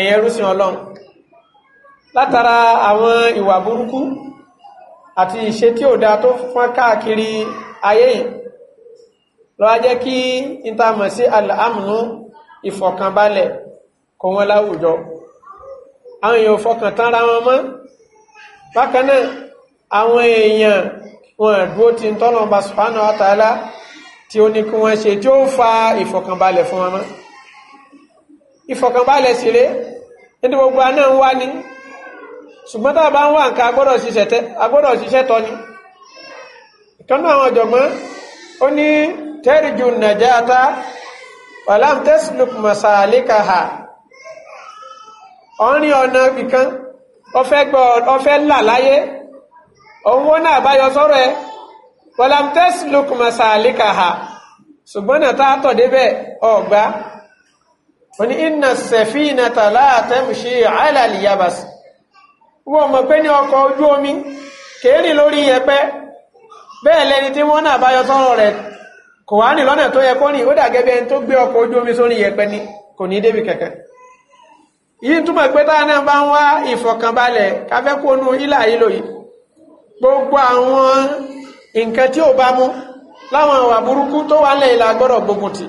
ẹ̀yẹ rúsìn ọlọ́run látara àwọn ìwà burúkú àti ìṣe tí ò dáa tó fọ́n káàkiri ayé yìí jẹ́ kí ìtàmọ̀ sí al ìfọ̀kànbalẹ̀ kọ wọn láwùjọ àwọn èèyàn fọkàn tán ra wọn mọ́ bákan náà àwọn èèyàn wọn dúró ti ń tọ́nà ọba subhanahu wa ta'ala tí ó ní kí wọ́n ṣe tí ó fa ìfọkànbalẹ̀ fún wọn mọ́ ìfọkànbalẹ̀ sì rèé nítorí gbogbo aná ń wá ní ṣùgbọ́n tá a bá ń wá nǹkan agbọ́dọ̀ ṣiṣẹ́ tọ́ ni ìtọ́nà àwọn ọ̀jọ̀gbọ́n ó ní tẹ́rìjù nàjá ta ọ̀rin ọ̀nà ibìkan ọfẹ́ gbọ́ ọfẹ́ là láyé òun wọn náà bá yọ sọ́rọ̀ ẹ bọ́lámtẹ́s lukumasa alikaha ṣùgbọ́n náà tá a tọ̀ débẹ̀ ọ̀gbá wọn ni iná sẹ̀fínà tàlá àtẹ́mùṣe àìlàlì yabas wọ́n mọ̀ pé ní ọkọ̀ ojú omi kèérì lórí yẹpẹ́ bẹ́ẹ̀ lẹni tí wọ́n náà bá yọ sọ́rọ̀ rẹ̀ kò wá ní lọ́nà tó yẹ kó rìn ó dà bí ẹni tó gbé ọkọ̀ ojú omi sórí yẹpẹ́ ni kò ní débi kẹ̀kẹ́ yìí túmọ̀ pé táwọn náà bá ń wá ìfọ̀kànbalẹ̀ káfẹ́ kónú ilà yìí lòyí gbogbo àwọn nǹkan tí ò bá mú láwọn àwà burúkú tó wà lẹ̀ ìlà gbọ́dọ̀ tì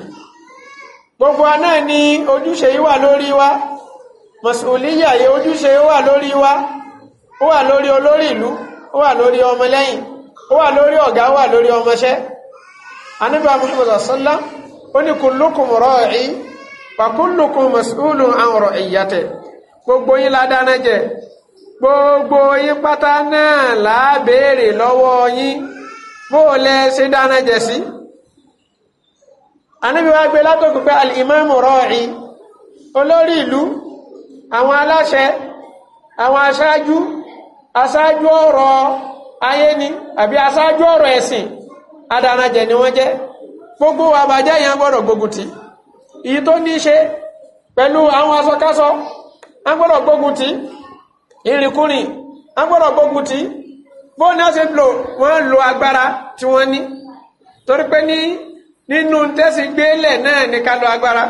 gbogbo náà ni ojúṣe yìí wà lórí wa mọ̀sùlùmíyà yìí ojúṣe wà lórí wa ó wà lórí olórí ìlú ó wà lórí ọmọlẹ́yìn ó wà lórí ọ̀gá ó wà lórí ọmọṣẹ́ anábíà mùsùlùmí sọ́lá ó ní kullukum ra'i fàkúlùkùn mọ̀sùlù àwọ̀rọ̀ ìyàtẹ̀ gbogbo yín ládáná jẹ gbogbo yín pátá náà láàbèèrè lọ́wọ́ yín bóòlẹ̀ ṣe dáná jẹ sí anábíwá gbé látòkù pé alìmọ́mù rọ́ọ̀rí olórí ìlú àwọn aláṣẹ àwọn aṣáájú aṣáájú ọ̀rọ̀ ayé ni àbí aṣáájú ọ̀rọ̀ ẹ̀sìn adáná jẹ ni wọ́n jẹ́ gbogbo àbájá yẹn gbọ́dọ̀ gbógun tì í èyí tó ní ṣe pẹ̀lú àwọn asọkásọ agbọ́dọ̀ gbógun ti ìrìnkúrìn agbọ́dọ̀ gbógun ti bóun náà ṣe lò wọ́n lo agbára tí wọ́n ní torí pé ní nínú tẹ́sí gbélẹ̀ náà ní ká lo agbára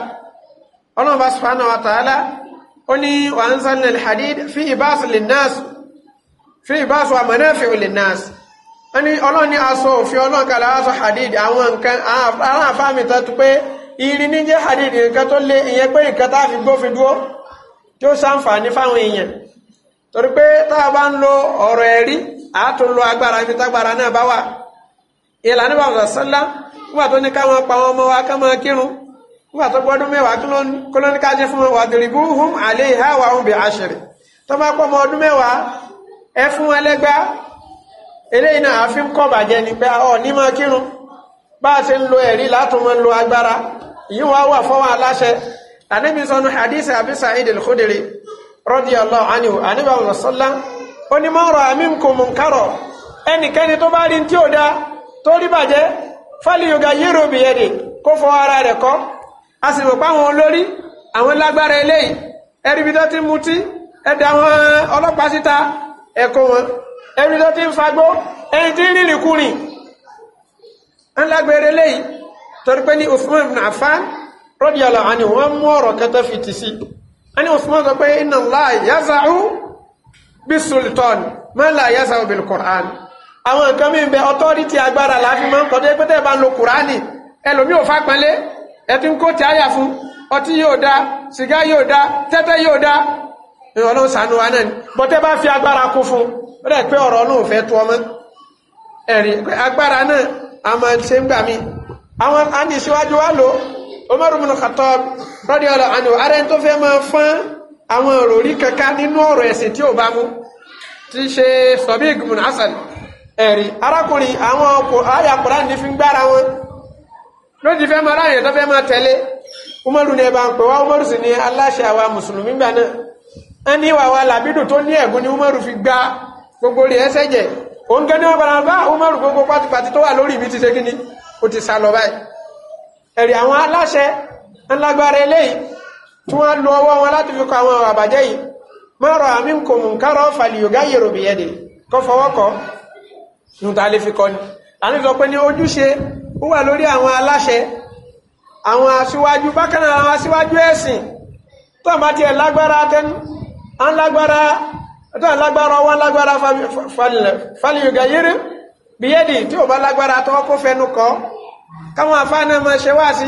ọlọ́run bá subhanahu wa ta'ala ó ní wa anzalna al-hadid fi ibasu linnas fi ibasu wa manafi'u linnas wọ́n ní ọlọ́run aṣọ òfin ọlọ́run aṣọ hadid àwọn nǹkan aláàfáàmì tó tún pé irin ní jẹ́ hadith nǹkan tó lé ìyẹn pé nǹkan tá a fi gbófin dúró tí ó ṣàǹfààní fáwọn èèyàn torí pé tá a bá ń lo ọ̀rọ̀ ẹ̀rí àátún lo agbára ibi tágbára náà bá wà ìlànà bàbá sọ́lá nígbà tó ní káwọn pa wọn ọmọ wa ká máa kírun nígbà tó gbọ́dún mẹ́wàá kí ló ní ká jẹ́ fún wọn wà dìrìbú hum àlẹ́ ìhá wa hum bẹ̀ àṣírí tó bá pọ̀ ọmọ ọdún mẹ́wàá ẹ fún wọn lẹ́gbàá eléyìí náà àfi ń kọ́ bàjẹ́ ni pé ọ ní máa kírun bá a ṣe ń lo ẹ̀rí látùmọ̀ lo agbára yìí wá wà fọ́wọ́ aláṣẹ ànábì sọnù hadith abi sa'id al-khudri radiyallahu anhu ànábì àwọn sọ́lá ó ní mọ́rọ̀ minkum munkaro ẹnikẹ́ni tó bá rí tí ò dá tó rí bàjẹ́ fáliyùgà yírò bìyẹ̀dì kó fọ ara rẹ̀ kọ́ a sì rò páwọn olórí àwọn lágbára eléyìí ẹ̀rí bí tó ti mutí ẹ̀dá wọn ọlọ́pàá síta ẹ̀kọ́ wọn ẹ̀rí tó ti ń fagbó ẹ̀yìn tí ń rìnrìn kùnrin ń lágbèrè lẹ́yìn torí pé ní Uthman ibn Affan radiyallahu anhu wọ́n mú ọ̀rọ̀ kẹta fi tì sí a ní Uthman sọ pé inna Allah yaza'u bis sultan ma la yaza'u bil Qur'an àwọn nǹkan mi bẹ ọtọ́rítì agbára láàfin máa ń kọ́ tó yẹ pé tẹ́ bá ń lo Kùránì ẹlòmí ò fápẹ́lé ẹtí ń kó tí a fún ọtí yóò dá sìgá yóò dá tẹ́tẹ́ yóò dá Ọlọ́run ṣàánú wa náà ni bọ́tẹ́ bá fi agbára kún fún rẹ̀ pé ọ̀rọ̀ náà fẹ́ tó ọmọ ẹ̀rí agbára náà a máa ṣe ń gbà mí àwọn àni síwájú wá lò Umar ibn Khattab radiyallahu anhu ààrẹ tó fẹ́ máa fọ́n àwọn òròrí kankan nínú ọ̀rọ̀ ẹ̀sìn tí ò bá mú ti ṣe Sabiq ibn Hasan ẹ̀rí arákùnrin àwọn ọkọ̀ àyà Kùránì ní fi ń gbára wọn lóòdì fẹ́ máa ráyẹ̀ tó fẹ́ máa tẹ̀lé Umaru ní ẹ̀bà ń pè wá Umaru sì ní aláṣẹ àwa mùsùlùmí gbà náà ẹni wàwa làbídù tó ní ẹ̀gún ni Umaru fi gbá gbogbo rẹ̀ ẹsẹ̀ jẹ̀ òun gẹ́ni wọn padà bá Umaru gbogbo pátipàti tó wà lórí mi ti ṣe kíni ó ti sá lọ báyìí ẹ̀rí àwọn aláṣẹ ńlágbára eléyìí tí wọ́n lo ọwọ́ wọn láti fi kọ àwọn àbàjẹ́ yìí mọ́rọ̀ àmì kò mú nkárọ̀ fàlìyògá yèrò bìyẹ́dẹ̀ kọ́ fọwọ́kọ́ níta lè fi kọ́ ni àní sọ pé ní ojúṣe ó wà lórí àwọn aláṣẹ àwọn aṣíwájú bákan àwọn aṣíwájú ẹ̀sìn tó àmà tiẹ̀ lágbára tẹnu à lágbára ẹ̀tọ́ lágbára wá lágbára fàlìyàgà yẹ́rẹ́ bí yẹ́dì tí ò bá lágbára tọ́ kó fẹnu kọ́ káwọn afáàná máa ṣe wá sí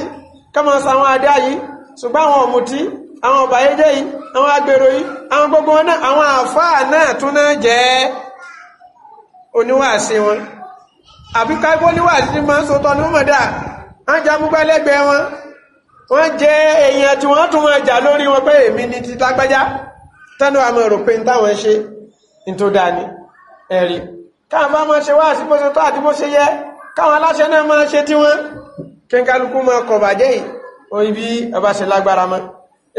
káwọn sàwọn adá yìí ṣùgbọ́n àwọn ọ̀mùtí àwọn ọ̀bàyédé yìí àwọn agbèrò yìí àwọn gbogbo wọn náà àwọn àfáà náà tún náà jẹ́ oníwàásí wọn àbí káíkó níwàásí ti tánú àmọ́ ẹ̀rọ pé táwọn ṣe tó dáa ní ẹ̀rí káwọn bá máa ṣe wá sí bó ṣe tó àti bó ṣe yẹ káwọn aláṣẹ náà máa ṣe tí wọ́n kí n kálukú máa kọ̀ lágbára mọ́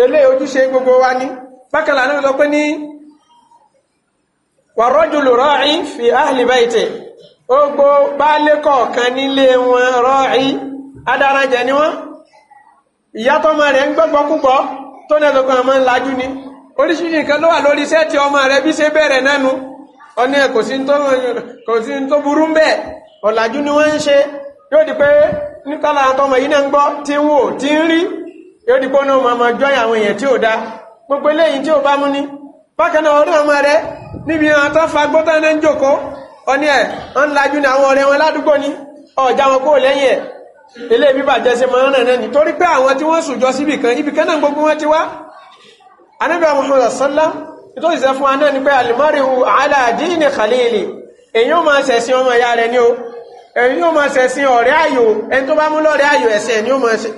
elé ojúṣe gbogbo wa ní bákan náà lọ pé ní wàrọ́jùlù rọ́ọ̀í fi ni oríṣiríṣi nǹkan ló wà lórí iṣẹ́ tí ọmọ rẹ bí ṣe bẹ̀rẹ̀ nánu ọ̀nà kò sí tó burú ń bẹ̀ ọ̀làjú ni wọ́n ń ṣe yóò di pé nítàlá àtọmọ̀ yìí náà ń gbọ́ tí ń wò tí ń rí yóò di pé ní ọmọ ọmọ jọ́yà àwọn èèyàn tí ò dá gbogbo eléyìí tí ò bá mú ní bákan náà ọdún ọmọ rẹ níbi àwọn tó fa gbọ́tà náà ń anábíà muhammad sallam tó ìsẹ́ fún aná ní pé alimarihu aláàdí ní khalili èyí ó máa ṣẹ̀sìn ọmọ ìyá rẹ̀ ní o èyí ó máa ṣẹ̀sìn ọ̀rẹ́ ayò ẹni tó bá mú lọ́rẹ́ ayò ẹ̀sẹ̀ ni ó máa ṣe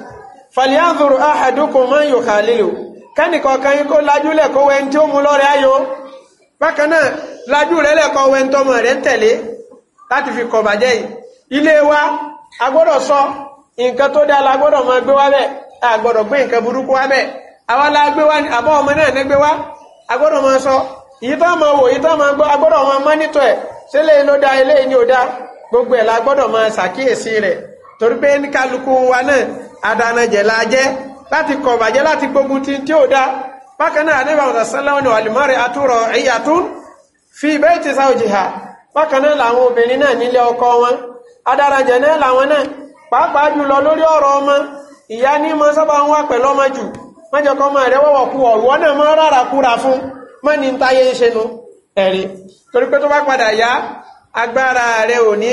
falyanzuru ahadukum man yukhalilu kẹ́nìkan kan yín kó lajú lẹ́kọ́ wẹ́n tí ó mú lọ́rẹ́ ayò bákan náà lajú rẹ̀ lẹ́kọ́ wẹ́n tọmọ àwa la gbé wá ní àbọ̀ ọmọ náà nẹ́gbẹ́ wá agbọ́dọ̀ máa sọ èyí tó máa wò èyí tó máa gbọ́ agbọ́dọ̀ máa mọ́nítọ̀ ẹ̀ ṣé lè ló da eléyìí ni ò da gbogbo ẹ̀ la gbọ́dọ̀ máa ṣàkíyèsí rẹ̀ torí pé ní kálukú wa náà adanajẹ̀ la jẹ́ láti kọ̀ bàjẹ́ láti gbógun ti tí ò da bákan náà adébàmọ̀tà sálẹ́wọ̀n ni wàlúmọ́rẹ́ àtúrọ̀ ẹ̀yà tún fi bayti zawjiha bákan náà làwọn obìnrin náà nílé ọkọ wọn adarajẹ̀ náà làwọn náà pàápàá jùlọ lórí ọ̀rọ̀ ọmọ ìyá ní mọ sábà ń wá pẹ̀lú ọmọ jù mọ́jọ kọ́ máa rẹ wọ́wọ́ kú ọ̀rọ̀ náà mọ́ rárá kúra fún mọ́ ní táyé ń ṣe ẹ̀rí torí pé tó bá padà yá agbára rẹ ò ní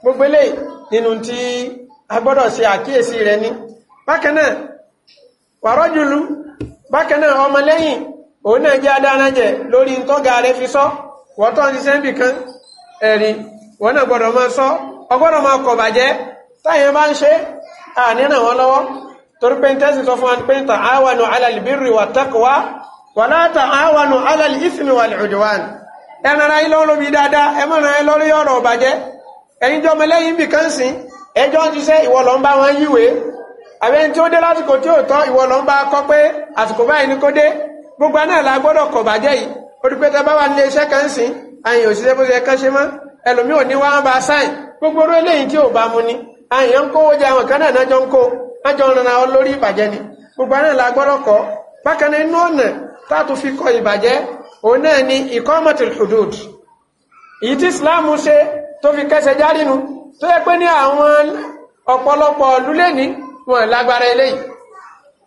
gbogbo nínú tí a gbọ́dọ̀ ṣe àkíyèsí rẹ ní bákan náà wàrọ́jùlú bákan náà òun náà jẹ́ lórí fi sọ wọ́tọ́ ní sẹ́ńbì kan ẹ̀rí wọ́n náà gbọ́dọ̀ torí pé tẹ́sì sọ fún àti pé ta áwànù alàlìbírì wà taqwa wà látà áwànù alàlìsìmì wà lùdùwàn ẹnara yín lọ́rùn bí dáadáa ẹ mọ̀ra yín lórí ọ̀rọ̀ ọ̀bàjẹ́ ẹ̀yin jọ mẹlẹ́yìn bì kán sí ẹjọ́ ti ṣe ìwọ ló ń bá wọn yíwèé àbẹ́yìn tí ó dé lásìkò tí ó tọ́ ìwọ ló ni kó dé gbogbo náà bàjẹ́ ájọ rìnrìn àwọn lórí ìbàjẹ́ ni gbogbo náà la gbọ́dọ̀ kọ́ bákan náà inú ọ̀nà táàtù fi kọ ìbàjẹ́ òun náà ni ìkọ́mọ̀tì hudud èyí tí Islam ṣe tó fi kẹsẹ̀ járinu tó yẹ pé ní àwọn ọ̀pọ̀lọpọ̀ lúlé ní wọn lágbára eléyìí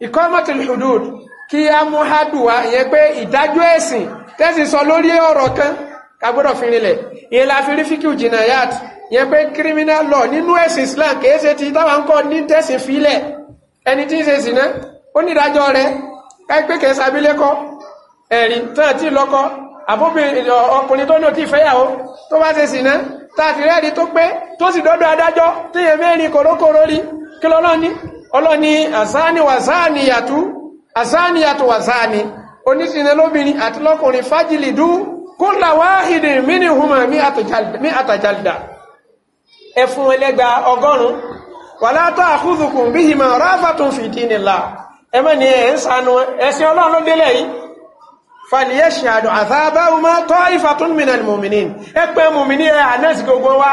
ìkọ́mọ̀tì hudud kí a mú hádùwá ìyẹn pé ìdájọ́ ẹ̀sìn tẹ́sí sọ lórí ọ̀rọ̀ kan ká fi rinlẹ̀ ìyẹn la fi rí fíkì jìnnà yáàtì yẹn pé criminal law nínú ẹ̀sìn Islam kìí ṣe ti táwọn kọ́ ní tẹ̀sìn filẹ̀ ẹni tí ń ṣe sì náà ó ní ìdájọ́ rẹ̀ káyí pé kẹsà abilékọ ẹ̀rí tán tí lọ́kọ àbóbìnrin ọkùnrin tó náà ti fẹ́yàwó tó bá ṣe sì náà tààtì rẹ́ẹ̀rí tó pé tó sì dọ́dọ̀ adájọ́ tí yẹn mẹ́rin kòrókòrò rí kí lọ́lọ́ni ọlọ́ni àsáni wàsáni yàtú àsáni yàtú wàsáni oníṣìnà lóbìnrin àti lọ́kùnrin fájìlì dú kó làwáhìdì mínú hùmà mí àtàjálìdà ẹ fún wọn lẹ́gba ọgọ́rùn wala ta'khudhukum bihima rafatun fi dinillah ẹ mọ̀ ní ẹ̀ ń sanu ẹ̀sìn ọlọ́run ló délẹ̀ yìí falyashhadu adhabahuma ta'ifatun minal mu'minin ẹ pé mùmìnì ẹ ànẹ́sì gbogbo wa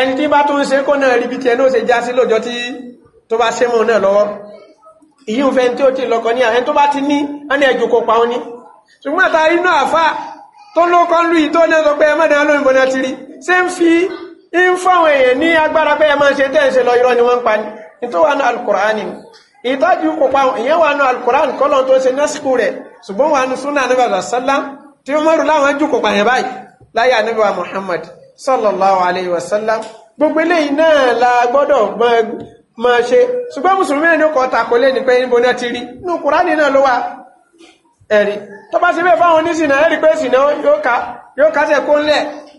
ẹni tí bá tó ń ṣe kó náà rí bí tiẹ̀ náà ṣe já sí lọ́jọ́ lókọ́ lú ìtó náà sọ pé ẹmọ́dá lóyìnbó rí ṣe ń fi ń fáwọn èèyàn ní agbára pé máa ṣe tẹ́ lọ irọ́ ni wọ́n ń pa ní nítorí wà ní alukur'ani ìtọ́jú kò pa ìyẹn wà ní alukur'ani kọ́lọ̀ tó ṣe násìkò rẹ̀ ṣùgbọ́n wà ní súnà níbi àlàsálá tí ó mọ́rù láwọn jù kò yẹn báyìí láyé àníbi Muhammad sallallahu alayhi wa sallam gbogbo eléyìí la gbọ́dọ̀ máa ṣe ṣùgbọ́n mùsùlùmí ẹni kọ́ tako lé ní pé níbo náà ti rí inú kùránì náà ló wà ẹ̀rí tó bá ṣe bẹ́ẹ̀ fáwọn oníṣìnà ẹ̀rí pé ṣìnà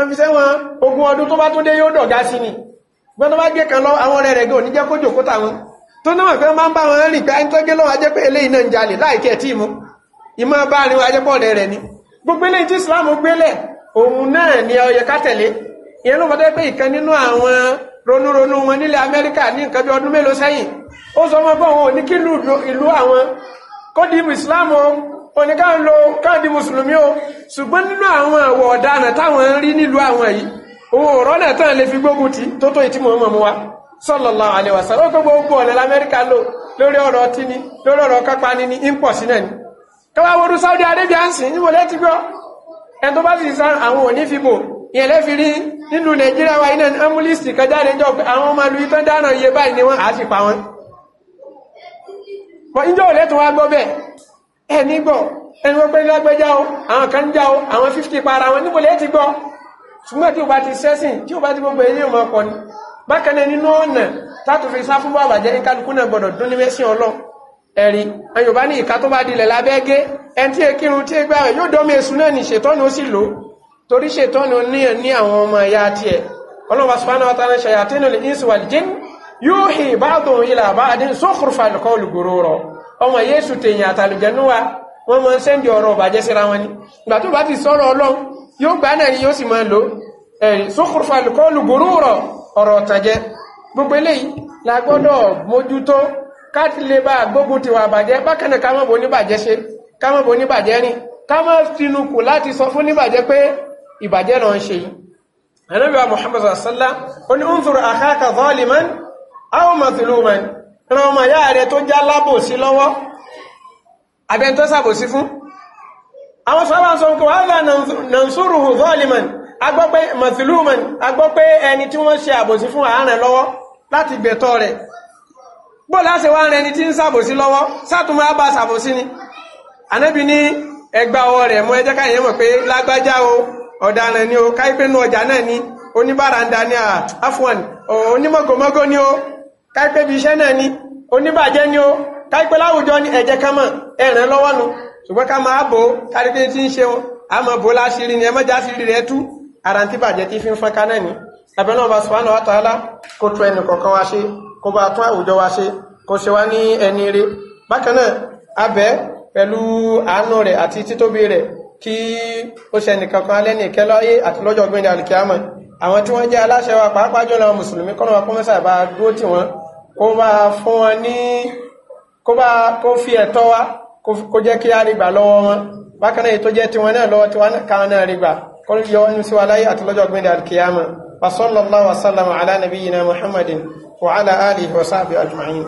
wọ́n fi sẹ́wọ̀n ogún ọdún tó bá tó dé yóò dọ̀gá sí ni gbọ́n tó bá gbé kan lọ àwọn ọ̀rẹ́ rẹ̀ gò ní jẹ́ kó jòkó táwọn tó náà fẹ́ máa ń bá wọn rìn pé ẹni tó gé lọ́wọ́ ajẹ́ pé eléyìí náà ń jalè láì tiẹ̀ tí mu ìmọ̀ bá rin wọn ajẹ́ pọ̀ rẹ̀ rẹ̀ ni gbogbo eléyìí tí Islam gbélẹ̀ òun náà ni ó yẹ ká ìyẹn ló fọdẹ́ pé ìkan nínú àwọn ronúronú wọn nílẹ̀ Amẹ́ríkà ní nǹkan bí ọdún mélòó sẹ́yìn ó sọ ọmọ bọ́ wọn ò ní kí ìlú àwọn kó Islam òní ká ń lo káàdì o ṣùgbọ́n nínú àwọn àwọ̀ ọ̀daràn táwọn ń rí nílùú àwọn yìí òun ò rọ́nà tán lè fi gbógun ti tó tó ìtí wa sallallahu gbogbo ọ̀nà lamẹ́ríkà lò lórí ọ̀rọ̀ tí ni lórí ọ̀rọ̀ kápá ni náà ni káwá Saudi Arabia ń sìn ti gbọ́ tó bá sì sá àwọn òní fi bò ìyẹn lẹ́fi rí nínú Nàìjíríà wa iná amúlísì kan jáde jọ àwọn ọmọ ẹni gbọ́ ẹni wọ́n pẹ́ lágbẹ́já o àwọn kan já o àwọn fífítì para wọn níbo lẹ́ẹ̀ ti gbọ́ ṣùgbọ́n tí o bá ti sẹ́sìn tí o bá ti gbogbo ẹni ọmọ ọkọ̀ ni bákan náà nínú ọ̀nà tátù fi sá fún bàbà jẹ́ kálukú náà gbọ́dọ̀ dún ní mẹ́sìn ọlọ́ ẹ̀rí ayọ̀bá ní ìka tó bá dilẹ̀ lábẹ́gé ẹni tí ekirun tí egbá rẹ̀ yóò dọ́mí èsù náà ní ṣètọ́nù ó sì lò torí ṣètọ́nù ní àwọn ọmọ ẹ̀yà tiẹ̀ ọlọ́wà sùpánà wátánà ṣayàtínú lè ní ìsìwàlì jẹ́ yóò hì ọmọ yéésù tèèyàn àtàlùjẹnú wa wọ́n máa ń sẹ́ndì ọ̀rọ̀ ọ̀bàjẹ́ síra wọn ni ìgbà tó bá ti sọ̀rọ̀ ọlọ́run yóò gbá náà ni yóò sì máa lò ẹ̀rí sókùrùfà lùkọ́ọ̀lù gbòòrò ọ̀rọ̀ ọ̀rọ̀ ọ̀tànjẹ gbogbo eléyìí la gbọ́dọ̀ mójútó káti lè bá gbógun tiwa bàjẹ́ bákan náà ká má bo níbàjẹ́ ṣe ká má bo níbàjẹ́ rìn ká má tinukù ran ọmọ ìyá rẹ̀ tó já lábòsí lọ́wọ́ abẹ́ni tó sàbòsí fún àwọn sọ́wọ́n sọ pé wàhálà nàǹsúrù zaliman agbọ́ pé mazluman agbọ́ pé ẹni tí wọ́n ṣe àbòsí fún àárẹ̀ lọ́wọ́ láti gbẹ̀tọ́ rẹ̀ bó láṣẹ wá rẹ ni tí ń sàbòsí lọ́wọ́ sátúmọ̀ á bá sàbòsí ni ànábì ní ẹgbà ọwọ́ rẹ̀ mú ẹjẹ́ káyẹ̀ mọ̀ pé lágbájá o ọ̀daràn ni o káyípẹ́nu ọjà náà ni oníbàràǹdà ni àfọ̀n onímọ̀gòmọ́gó ni o káìpẹ́ bí iṣẹ́ náà ni oníbàjẹ́ ni ó káìpẹ́ láwùjọ ní ẹ̀jẹ̀ ká mọ̀ ẹ̀ràn lọ́wọ́ nu ṣùgbọ́n ká máa bò ó kárí tí ń ṣe wọn a mọ̀ bò láṣìírí ni ẹmọ́jà sírí rẹ̀ tú ara tí bàjẹ́ tí fi ń fọ́n ká náà ni abẹ́ náà bá subhanahu wa kó tu ẹnì kọ̀ọ̀kan wa ṣe kó bá tún àwùjọ wa ṣe kó ṣe wá ní ẹni rẹ̀ bákan náà abẹ́ pẹ̀lú àánú rẹ̀ àti títóbi rẹ̀ kí ó ṣe nìkankan alẹ́ ní ìkẹ́ lọ́yé àti lọ́jọ́ gbẹ̀ndẹ̀ àlùkìyàmọ̀ àwọn tí wọ́n jẹ́ aláṣẹ wa pàápàá jọ̀lọ́ mùsùlùmí kọ́nà wa kọ́mẹ́sà bá dúró tì wọ́n kó máa fún wọn ní kó bá kó fi ẹ̀tọ́ wa kó jẹ́ kí á rí gbà lọ́wọ́ wọn bákan náà tó jẹ́ tiwọn náà lọ́wọ́ tiwọn káwọn náà rí gbà kó yọ wọn sí wa láyé àti lọ́jọ́ gbẹ̀dẹ̀ alkiyama wa ala nabiyyina muhammadin wa ala alihi wa sahbihi ajma'in